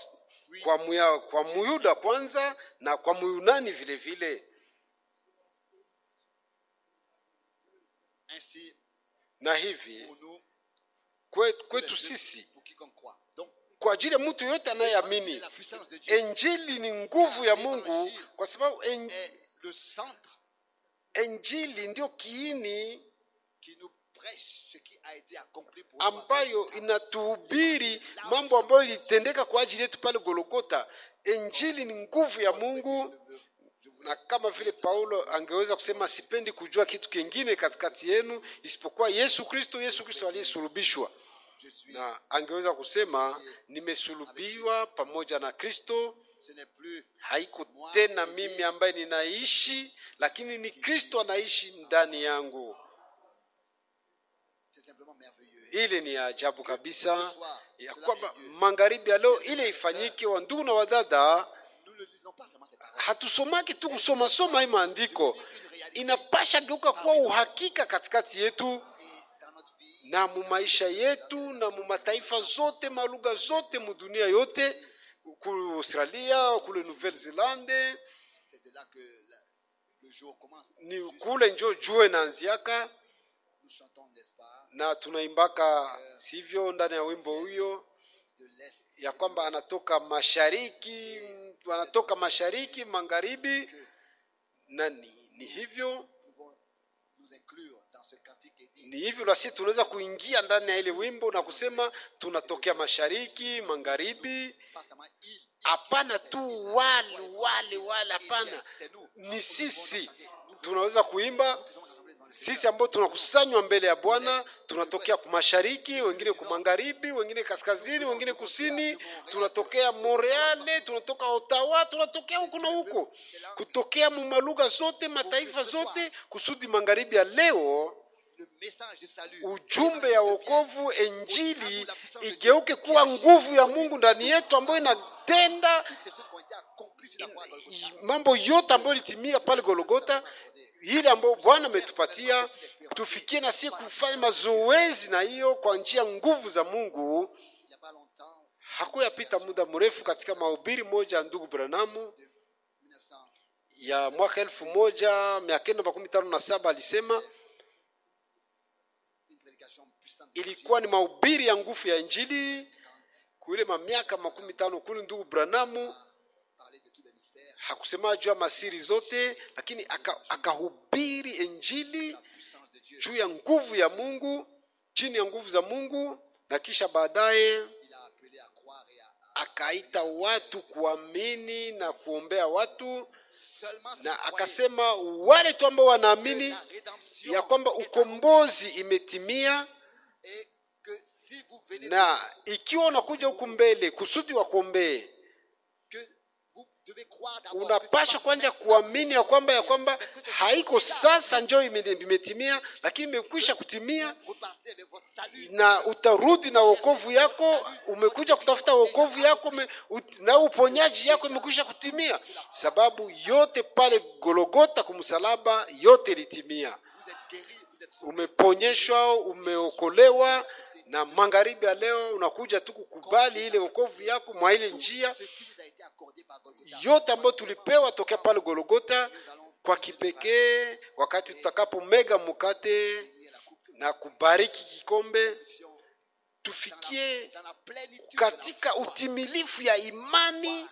kwa, muya, kwa Muyuda kwanza na kwa Muyunani vile vile. Na hivi kwetu sisi kwa ajili ya mtu yoyote anayeamini Injili ni nguvu ya Mungu, kwa sababu eh, Injili ndio kiini ambayo inatuhubiri mambo ambayo ilitendeka kwa ajili yetu pale Golokota. Injili ni nguvu ya Mungu, na kama vile Paulo angeweza kusema sipendi kujua kitu kingine katikati yenu isipokuwa Yesu Kristo, Yesu Kristo aliyesulubishwa, na angeweza kusema nimesulubiwa pamoja na Kristo. Haiko tena mimi ambaye ninaishi, lakini ni Kristo anaishi ndani yangu. Ile ni ajabu kabisa ya kwamba magharibi ya leo ile ifanyike. ndugu na wadada, hatusomaki tu kusoma soma hii maandiko, inapasha geuka kuwa uhakika katikati yetu na mu maisha yetu na mu mataifa zote malugha zote mudunia yote, kule Australia, kule Nouvelle Zelande ni kule njo jue naanziaka na tunaimbaka sivyo ndani ya wimbo huyo ya kwamba anatoka mashariki wanatoka mashariki magharibi na ni, ni hivyo ni hivyo sisi tunaweza kuingia ndani ya ile wimbo na kusema tunatokea mashariki magharibi hapana tu wale wale wale hapana ni sisi tunaweza kuimba sisi ambao tunakusanywa mbele ya Bwana tunatokea mashariki, wengine magharibi, wengine kaskazini, wengine kusini, tunatokea Moreale, tunatoka Ottawa, tunatokea huko na huko, kutokea mumalugha zote, mataifa zote, kusudi magharibi ya leo ujumbe ya wokovu Injili igeuke kuwa nguvu ya Mungu ndani yetu ambayo inatenda mambo yote ambayo ilitimia pale Golgota, ile ambayo Bwana ametupatia, tufikie na sisi kufanya mazoezi na hiyo kwa njia nguvu za Mungu. Hakuyapita muda mrefu katika mahubiri moja ya ndugu Branamu ya mwaka elfu moja mia kenda makumi tano na saba alisema ilikuwa ni mahubiri ya nguvu ya Injili kule mamiaka makumi tano kule. Ndugu Branamu hakusema juu ya masiri zote, lakini akahubiri aka Injili juu ya nguvu ya Mungu, chini ya nguvu za Mungu, na kisha baadaye akaita watu kuamini na kuombea watu na akasema wale tu ambao wanaamini ya kwamba ukombozi imetimia na ikiwa unakuja huku mbele kusudi wa kuombee unapasha kwanza kuamini ya kwamba ya kwamba haiko sasa njo imetimia lakini imekwisha kutimia na utarudi na wokovu yako umekuja kutafuta wokovu yako me, ut, na uponyaji yako imekwisha kutimia sababu yote pale gologota kumsalaba yote ilitimia umeponyeshwa umeokolewa na magharibi ya leo unakuja tu kukubali ile wokovu yako mwa ile njia yote ambayo tulipewa tokea pale Golgota kwa kipekee, wakati tutakapomega mkate na kubariki kikombe, tufikie katika utimilifu ya imani,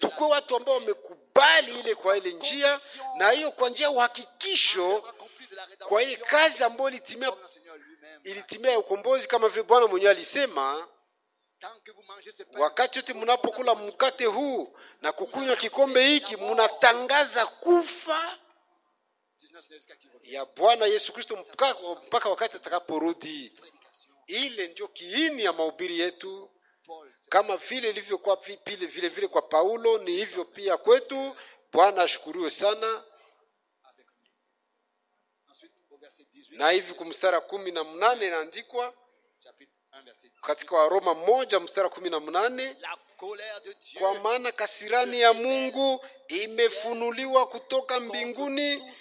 tukuwe watu ambao wamekubali ile kwa ile njia, na hiyo kwa njia ya uhakikisho kwa ile kazi ambayo ilitimia ilitimia ya ukombozi kama vile Bwana mwenyewe alisema, wakati yote mnapokula mkate huu na kukunywa kikombe hiki, mnatangaza kufa ya Bwana Yesu Kristo mpaka, mpaka wakati atakaporudi. Ile ndio kiini ya mahubiri yetu, kama vile ilivyokuwa vile vile kwa Paulo, ni hivyo pia kwetu. Bwana ashukuriwe sana. na hivi kumstara kumi na mnane inaandikwa katika waroma moja mstara kumi na mnane kwa maana kasirani ya mungu imefunuliwa kutoka mbinguni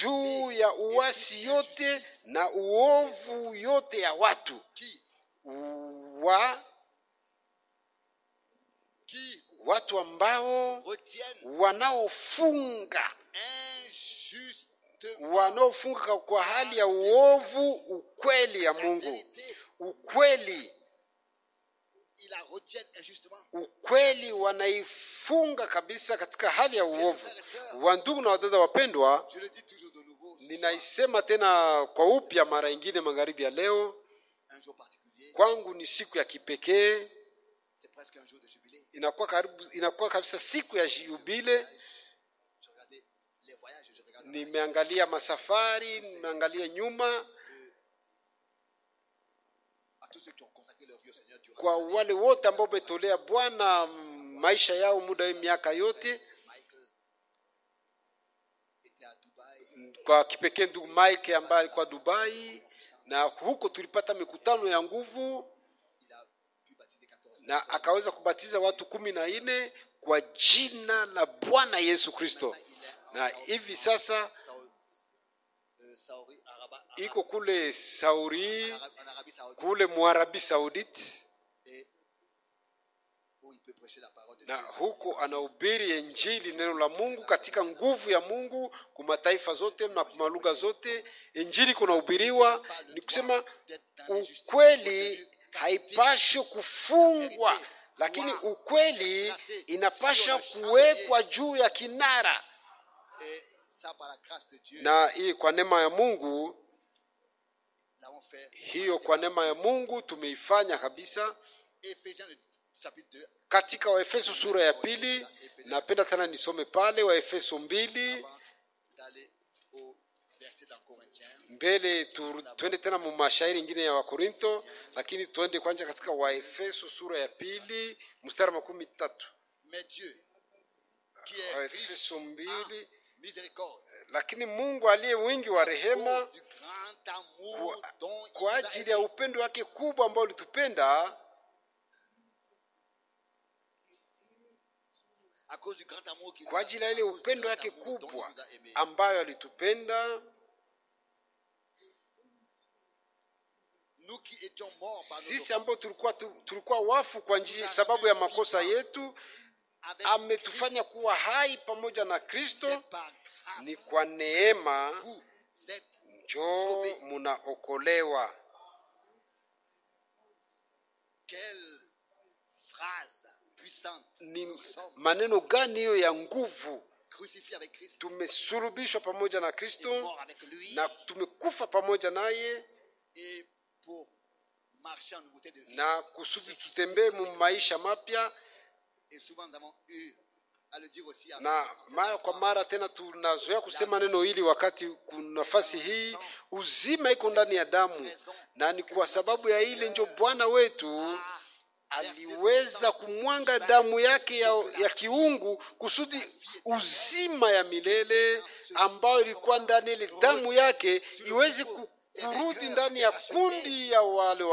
juu ya uwasi yote na uovu yote ya watu wa watu ambao wanaofunga wanaofunga kwa hali ya uovu ukweli ya Mungu, ukweli ukweli wanaifunga kabisa katika hali ya uovu. Wandugu na wadada wapendwa, ninaisema tena kwa upya mara ingine magharibi ya leo. Kwangu ni siku ya kipekee, inakuwa karibu, inakuwa kabisa siku ya jubile nimeangalia masafari, nimeangalia nyuma. Kwa wale wote ambao umetolea Bwana mm, maisha yao muda hii miaka yote, kwa kipekee ndugu Mike ambaye alikuwa Dubai, na huko tulipata mikutano ya nguvu na akaweza kubatiza watu kumi na nne kwa jina la Bwana Yesu Kristo na hivi sasa iko kule Sauri kule Mwarabi Saudite na huko anahubiri Injili, neno la Mungu katika nguvu ya Mungu kwa mataifa zote na kwa lugha zote. Injili kunahubiriwa, ni kusema ukweli haipashi kufungwa, lakini ukweli inapasha kuwekwa juu ya kinara Eh, na hii kwa neema ya mungu hiyo kwa neema ya mungu tumeifanya kabisa katika waefeso sura ya pili napenda tena nisome pale waefeso mbili mbele tuende tena mu mashairi ingine ya wakorinto lakini tuende kwanza katika waefeso sura ya pili mstari makumi tatu waefeso mbili lakini Mungu aliye wingi wa rehema, kwa ajili ya upendo wake kubwa ambao ulitupenda kwa ajili ya ile upendo wake kubwa ambayo alitupenda sisi ambao tulikuwa, tulikuwa wafu kwa njia sababu ya makosa yetu, ametufanya kuwa hai pamoja na Kristo ni kwa neema njoo munaokolewa. Ni maneno gani hiyo ya nguvu! Tumesulubishwa pamoja na Kristo na tumekufa pamoja naye na kusudi tutembee mu maisha mapya na mara kwa mara tena tunazoea kusema neno hili wakati kuna nafasi hii, uzima iko ndani ya damu, na ni kwa sababu ya ile ndio Bwana wetu ah, aliweza kumwanga damu yake ya, ya kiungu kusudi uzima ya milele ambayo ilikuwa ndani ile damu yake iweze ku kurudi ndani ya kundi ya wale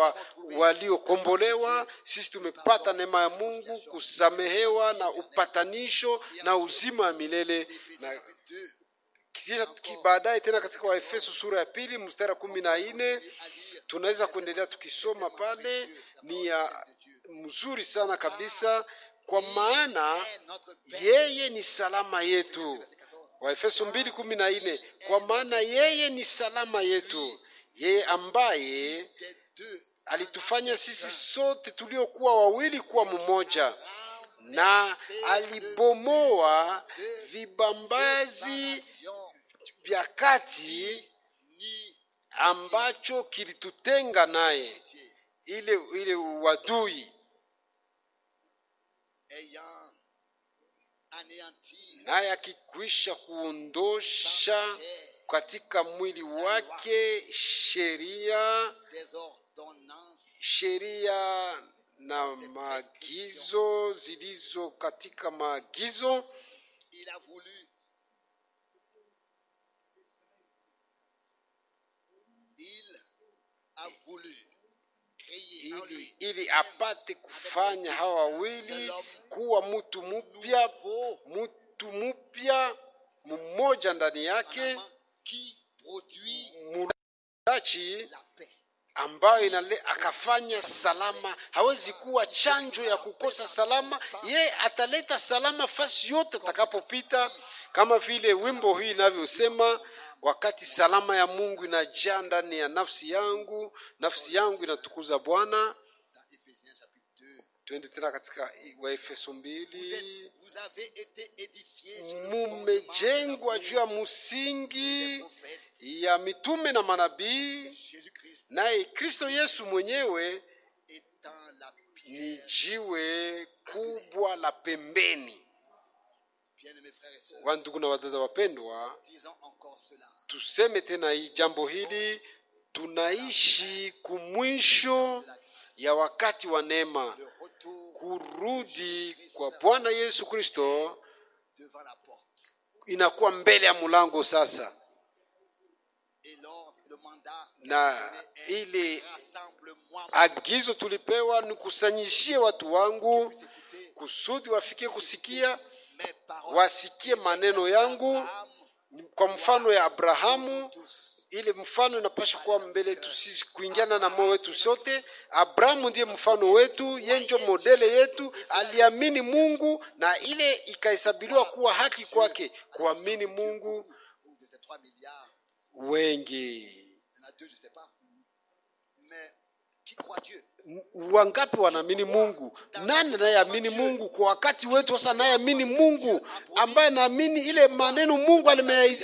waliokombolewa. Sisi tumepata neema ya Mungu, kusamehewa na upatanisho na uzima wa milele na kisha baadaye tena katika Waefeso sura ya pili mstari kumi na nne tunaweza kuendelea tukisoma pale. Ni ya mzuri sana kabisa, kwa maana yeye ni salama yetu. Waefeso mbili kumi na nne kwa maana yeye ni salama yetu, yeye ambaye alitufanya sisi sote tuliokuwa wawili kuwa mmoja na alibomoa vibambazi vya kati ambacho kilitutenga naye, ile ile uadui naye akikwisha kuondosha katika mwili wake sheria sheria na maagizo zilizo katika maagizo ili, ili apate kufanya hawa wawili kuwa mtu mpya, mtu mpya mmoja ndani yake mudachi ambayo akafanya salama, hawezi kuwa chanjo ya kukosa salama. Ye ataleta salama fasi yote atakapopita, kama vile wimbo hii inavyosema Wakati salama ya Mungu inajaa ndani ya nafsi yangu, nafsi yangu inatukuza Bwana, twende tena katika waefeso mbili mumejengwa juu ya msingi ya mitume na manabii naye kristo yesu mwenyewe ni jiwe kubwa la pembeni wandugu na wadada wapendwa tuseme tena hii jambo hili tunaishi kumwisho ya wakati wa neema, kurudi kwa Bwana Yesu Kristo inakuwa mbele ya mlango sasa, na ili agizo tulipewa nikusanyishie watu wangu kusudi wafikie kusikia, wasikie maneno yangu, kwa mfano ya Abrahamu ile mfano inapasha kuwa mbele yetu sisi, kuingiana na moyo wetu sote. Abrahamu ndiye mfano wetu, yenjo modele yetu, aliamini Mungu na ile ikahesabiliwa kuwa haki kwake, kuamini Mungu. Wengi wangapi wanaamini Mungu? Nani anayeamini Mungu kwa wakati wetu sasa? Anayeamini Mungu ambaye naamini ile maneno Mungu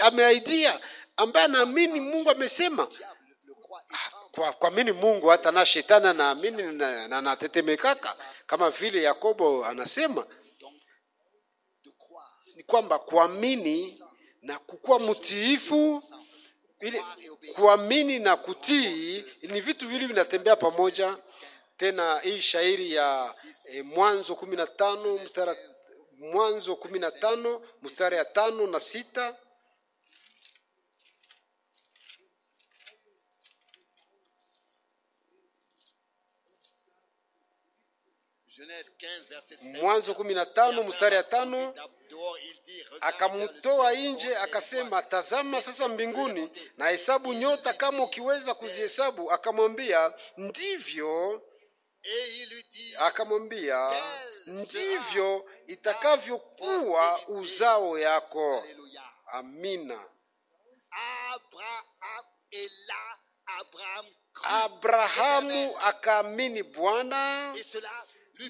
ameaidia ambaye anaamini Mungu amesema kwa kuamini Mungu hata na shetani anaamini na anatetemekaka, na kama vile Yakobo anasema ni kwamba kuamini na kukuwa mtiifu ili kuamini na kutii ni vitu vile vinatembea pamoja. Tena hii shairi ya e, Mwanzo kumi na tano mstari Mwanzo kumi na tano mstari ya tano na sita Mwanzo kumi na tano mstari ya tano akamtoa nje akasema, tazama sasa mbinguni na hesabu nyota kama ukiweza eh, kuzihesabu. Akamwambia ndivyo, akamwambia ndivyo itakavyokuwa uzao yako. Amina. Abrahamu akaamini Bwana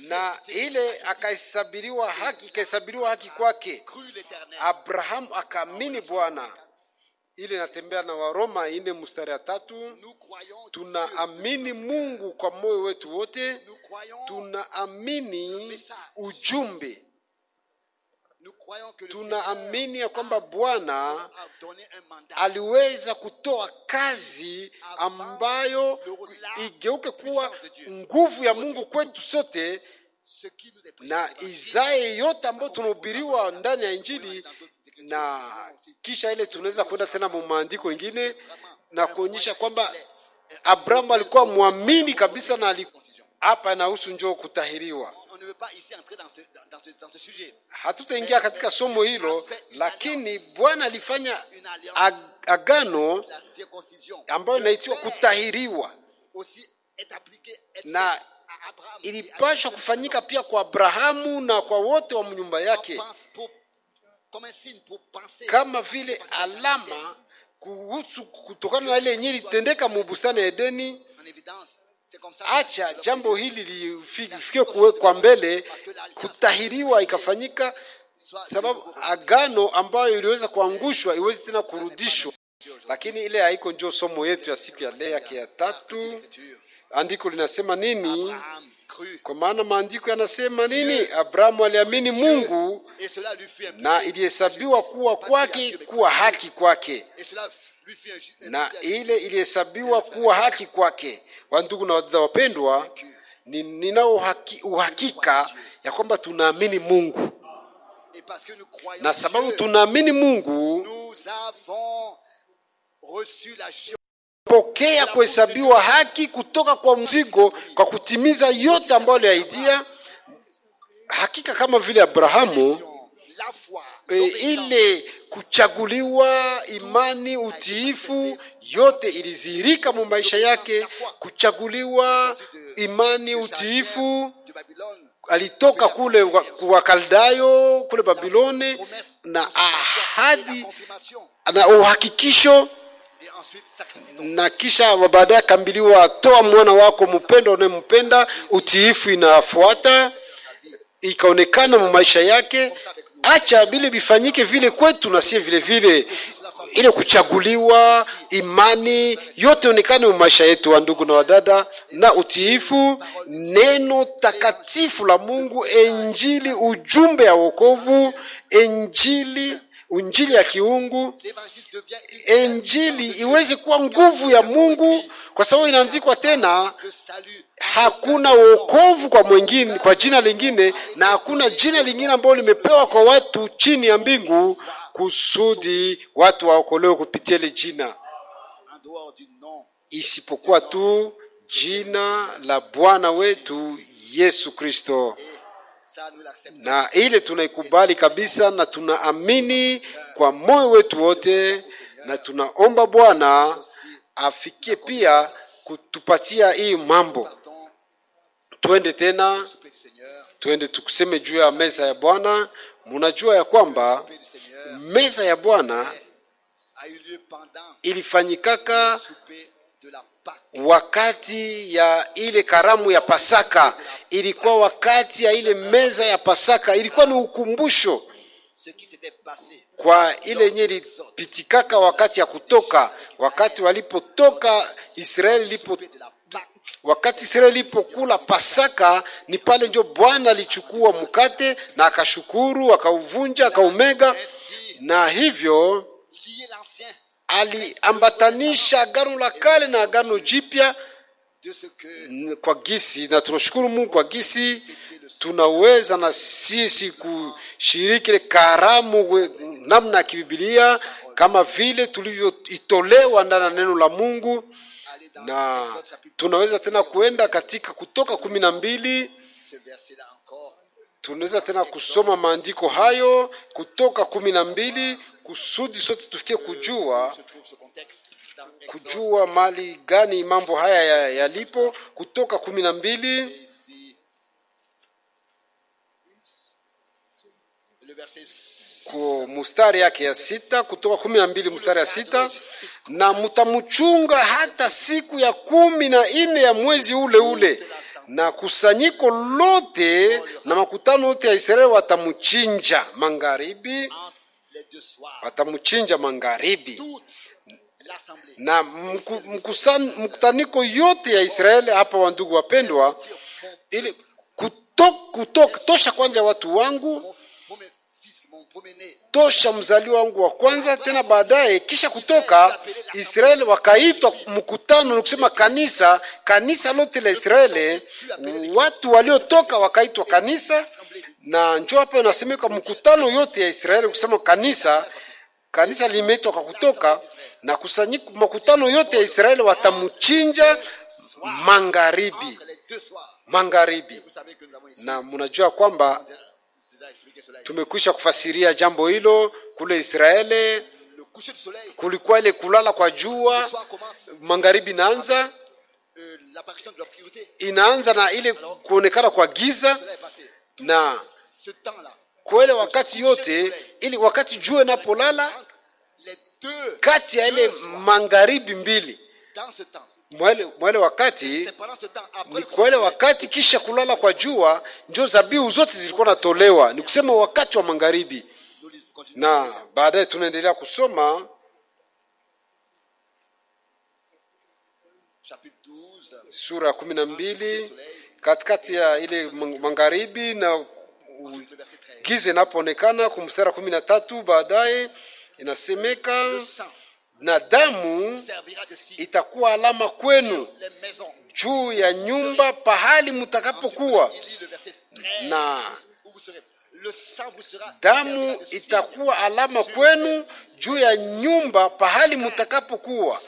na ile akahesabiriwa haki, ikahesabiriwa haki kwake. Abrahamu akaamini Bwana, ile inatembea na Waroma ine mstari ya tatu. Tunaamini Mungu kwa moyo wetu wote, tunaamini ujumbe tunaamini ya kwamba Bwana aliweza kutoa kazi ambayo igeuke kuwa nguvu ya Mungu kwetu sote, na izae yote ambayo tunahubiriwa ndani ya Injili, na kisha ile tunaweza kwenda tena mu maandiko ingine na kuonyesha kwamba Abrahamu alikuwa mwamini kabisa na alikuwa hapa inahusu njoo kutahiriwa. Hatutaingia katika somo hilo, lakini Bwana alifanya agano ambayo inaitiwa kutahiriwa na ilipashwa kufanyika pia kwa Abrahamu na kwa wote wa nyumba yake, kama vile alama kuhusu kutokana na ile yenye ilitendeka mubustani ya Edeni acha jambo hili lifikie kuwekwa mbele, kutahiriwa ikafanyika, sababu agano ambayo iliweza kuangushwa iwezi tena kurudishwa. Lakini ile haiko, ndio somo yetu ya siku ya leo yake ya tatu. Andiko linasema nini? Kwa maana maandiko yanasema nini? Abrahamu aliamini Mungu na ilihesabiwa kuwa kwake kuwa haki kwake, na ile ilihesabiwa kuwa haki kwake wandugu na wadada wapendwa ninao uhakika ya kwamba tunaamini mungu na sababu tunaamini mungu pokea kuhesabiwa haki kutoka kwa mzigo kwa kutimiza yote ambayo aliahidia hakika kama vile abrahamu e, ile kuchaguliwa, imani, utiifu, yote ilizihirika mu maisha yake. Kuchaguliwa, imani, utiifu alitoka kule kaldayo kule Babiloni na ahadi na uhakikisho, na kisha baadaye akaambiliwa toa mwana wako mpendo unayempenda. Utiifu inafuata ikaonekana mu maisha yake, acha bile vifanyike vile kwetu na sie vile vile ile kuchaguliwa imani yote onekane maisha yetu wa ndugu na wadada na utiifu neno takatifu la mungu enjili ujumbe ya wokovu enjili injili ya kiungu. Injili iweze kuwa nguvu ya Mungu, kwa sababu inaandikwa tena, hakuna wokovu kwa mwingine, kwa jina lingine, na hakuna jina lingine ambalo limepewa kwa watu chini ya mbingu, kusudi watu waokolewe kupitia ile jina, isipokuwa tu jina la Bwana wetu Yesu Kristo na ile tunaikubali kabisa na tunaamini kwa moyo wetu wote, na tunaomba Bwana afikie pia kutupatia hii mambo. Twende tena, twende tukuseme juu ya meza ya Bwana. Munajua ya kwamba meza ya Bwana ilifanyikaka wakati ya ile karamu ya Pasaka, ilikuwa wakati ya ile meza ya Pasaka, ilikuwa ni ukumbusho kwa ile yenye ilipitikaka wakati ya kutoka, wakati walipotoka Israeli lipo wakati Israeli ilipokula Pasaka, ni pale ndio Bwana alichukua mkate na akashukuru, akauvunja, akaumega, na hivyo aliambatanisha agano la kale na agano jipya kwa gisi, na tunashukuru Mungu kwa gisi tunaweza na sisi kushiriki karamu namna ya kibibilia kama vile tulivyoitolewa ndani ya neno la Mungu, na tunaweza tena kuenda katika Kutoka kumi na mbili tunaweza tena kusoma maandiko hayo Kutoka kumi na mbili kusudi sote tufikie kujua kujua mali gani mambo haya yalipo ya Kutoka kumi na mbili ku mustari yake ya sita Kutoka kumi na mbili mustari ya sita na mutamuchunga hata siku ya kumi na nne ya mwezi ule ule, na kusanyiko lote na makutano yote ya Israeli watamuchinja magharibi watamuchinja magharibi na mkutaniko yote ya Israeli hapa, wandugu wapendwa, ili kuto, tosha kwanza watu wangu tosha mzaliwa wangu wa kwanza. Tena baadaye kisha kutoka Israeli wakaitwa mkutano ni kusema kanisa, kanisa lote la Israeli, watu waliotoka wakaitwa kanisa na njoo hapa unasemeka mkutano yote ya Israeli kusema kanisa kanisa limetoka kutoka na kusanyiko makutano yote ya Israeli watamchinja magharibi magharibi, na mnajua kwamba tumekwisha kufasiria jambo hilo kule Israeli. Kulikuwa ile kulala kwa jua, magharibi inaanza inaanza na ile kuonekana kwa giza na kwa ile wakati yote, ili wakati jua inapolala kati ya ile magharibi mbili mwele wakati ni kwa wakati kisha kulala kwa jua, ndio zabihu zote zilikuwa natolewa, ni kusema wakati wa magharibi. Na baadaye tunaendelea kusoma sura ya kumi na mbili katikati ya ile magharibi na giza inapoonekana kwa mstari kumi na tatu baadaye inasemeka na damu itakuwa alama kwenu juu ya nyumba pahali mtakapokuwa na damu itakuwa alama kwenu juu ya nyumba pahali mtakapokuwa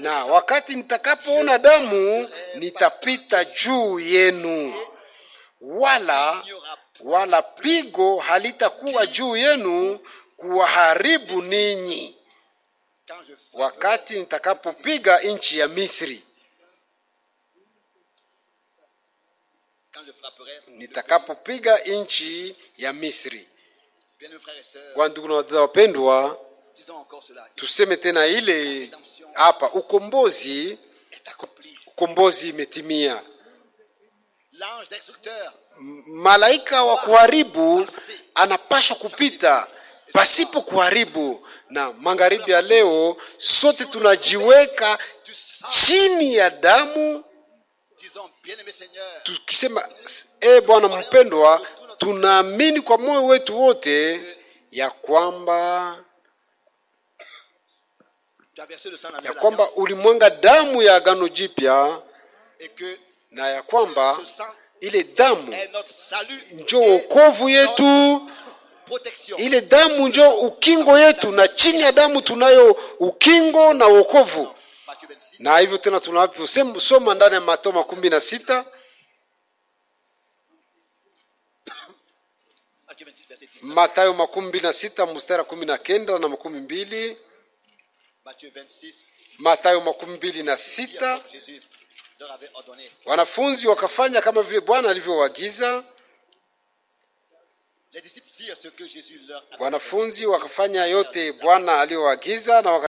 na wakati nitakapoona damu nitapita juu yenu wala wala pigo halitakuwa juu yenu kuwaharibu ninyi wakati nitakapopiga nchi ya Misri, nitakapopiga nchi ya Misri. Kwa ndugu na wadada wapendwa, tuseme tena ile hapa, ukombozi ukombozi imetimia malaika wa kuharibu anapaswa kupita pasipo kuharibu. Na magharibi ya leo, sote tunajiweka chini ya damu tukisema, e Bwana mpendwa, tunaamini kwa moyo wetu wote ya kwamba ya kwamba ulimwenga damu ya agano jipya na ya kwamba ile damu njo wokovu yetu ile damu njo ukingo yetu na chini ya damu tunayo ukingo na wokovu na hivyo tena tunaposoma ndani ya matao makumi na sita matayo makumi mbili na sita mstari kumi na kenda na makumi mbili matayo makumi mbili na sita Wanafunzi wakafanya kama vile Bwana alivyowaagiza. Wanafunzi wakafanya yote Bwana aliyowaagiza na